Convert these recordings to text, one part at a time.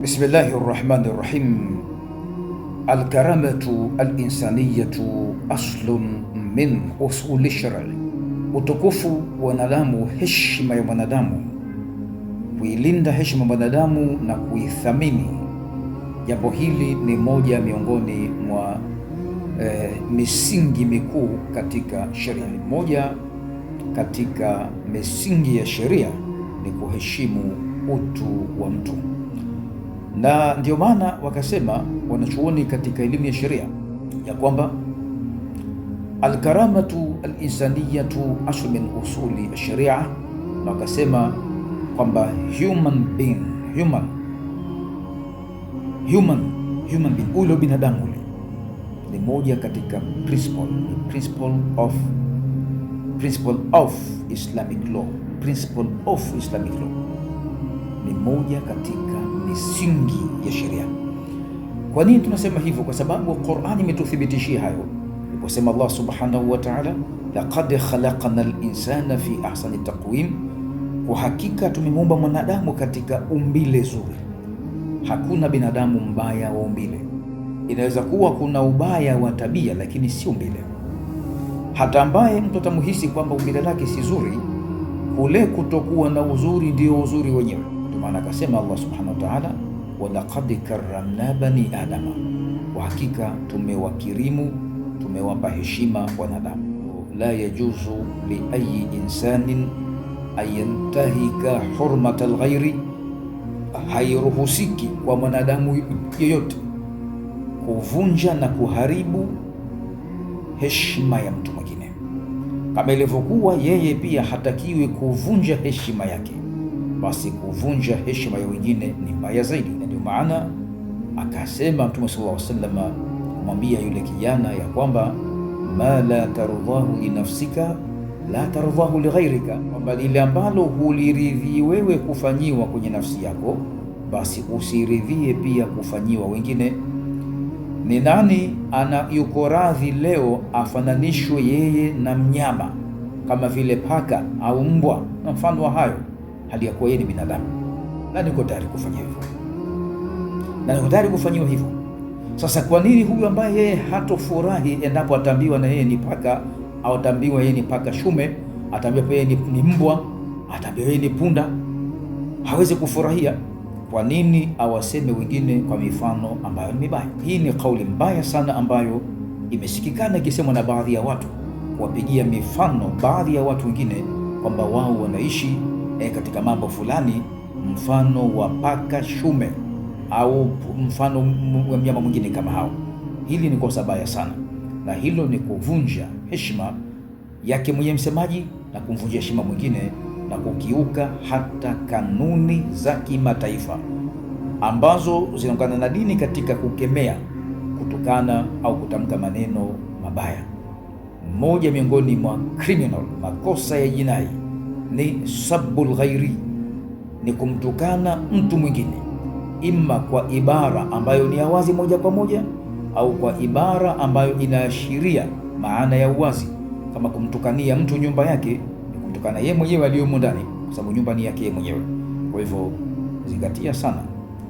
Bismillahi rahmani rahim. Alkaramatu alinsaniyatu aslun min usuli shari, utukufu wanadamu, heshima ya mwanadamu, kuilinda heshima ya mwanadamu na kuithamini. Jambo hili ni moja miongoni mwa e, misingi mikuu katika sheria. Moja katika misingi ya sheria ni kuheshimu utu wa mtu na ndio maana wakasema wanachuoni katika elimu ya sheria ya kwamba alkaramatu alinsaniyatu aslu min usuli sharia, na wakasema kwamba human being, human human human being, ule binadamu ule ni moja katika principle, principle of principle of Islamic law, principle of Islamic law ni moja katika misingi ya sheria. Kwa nini tunasema hivyo? Kwa sababu Qur'ani imetuthibitishia hayo aliposema Allah subhanahu wa ta'ala, laqad khalaqna al-insana fi ahsani taqwim, kwa hakika tumemuumba mwanadamu katika umbile zuri. Hakuna binadamu mbaya wa umbile. Inaweza kuwa kuna ubaya wa tabia, lakini si umbile. Hata ambaye mtu atamuhisi kwamba umbile lake si zuri, kule kutokuwa na uzuri ndio uzuri wenyewe maana akasema Allah subhanahu wa ta'ala, walaqad karramna bani adama, kwa hakika tumewakirimu tumewapa heshima wanadamu. La yajuzu li ayi insanin ayantahika hurmata lghairi, hairuhusiki kwa mwanadamu yeyote kuvunja na kuharibu heshima ya mtu mwingine, kama ilivyokuwa yeye pia hatakiwi kuvunja heshima yake basi kuvunja heshima ya wengine ni mbaya zaidi. Na ndio maana akasema Mtume sallallahu alaihi wasallam kumwambia yule kijana ya kwamba ma la tardhahu linafsika la tardhahu lighairika, kwamba lile ambalo huliridhii wewe kufanyiwa kwenye nafsi yako basi usiridhie pia kufanyiwa wengine. Ni nani ana yuko radhi leo afananishwe yeye na mnyama kama vile paka au mbwa na mfano wa hayo? hali ya kuwa yeye ni binadamu, na niko tayari kufanya hivyo, na niko tayari kufanyiwa hivyo. Sasa kwa nini huyu ambaye yeye hatofurahi endapo atambiwa na yeye ni paka, au atambiwa yeye ni paka shume, atambiwa yeye ni, ni mbwa, atambiwa yeye ni punda, hawezi kufurahia? Kwa nini awaseme wengine kwa mifano ambayo ni mibaya? Hii ni kauli mbaya sana ambayo imesikikana ikisemwa na baadhi ya watu, kuwapigia mifano baadhi ya watu wengine kwamba wao wanaishi e, katika mambo fulani, mfano wa paka shume au mfano wa mnyama mwingine kama hao. Hili ni kosa baya sana, na hilo ni kuvunja heshima yake mwenye msemaji na kumvunjia heshima mwingine na kukiuka hata kanuni za kimataifa ambazo zinaungana na dini katika kukemea kutukana au kutamka maneno mabaya. Mmoja miongoni mwa criminal, makosa ya jinai ni sabbul ghairi, ni kumtukana mtu mwingine, imma kwa ibara ambayo ni ya wazi moja kwa moja au kwa ibara ambayo inaashiria maana ya uwazi, kama kumtukania mtu nyumba yake, ni kumtukana yeye mwenyewe aliyomo ndani, kwa sababu nyumba ni yake mwenyewe. Kwa hivyo zingatia sana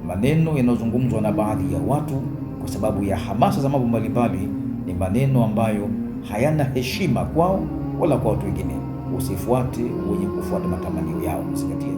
maneno yanayozungumzwa na baadhi ya watu kwa sababu ya hamasa za mambo mbalimbali, ni maneno ambayo hayana heshima kwao wala kwa watu wengine usifuate wenye kufuata matamanio yao msikati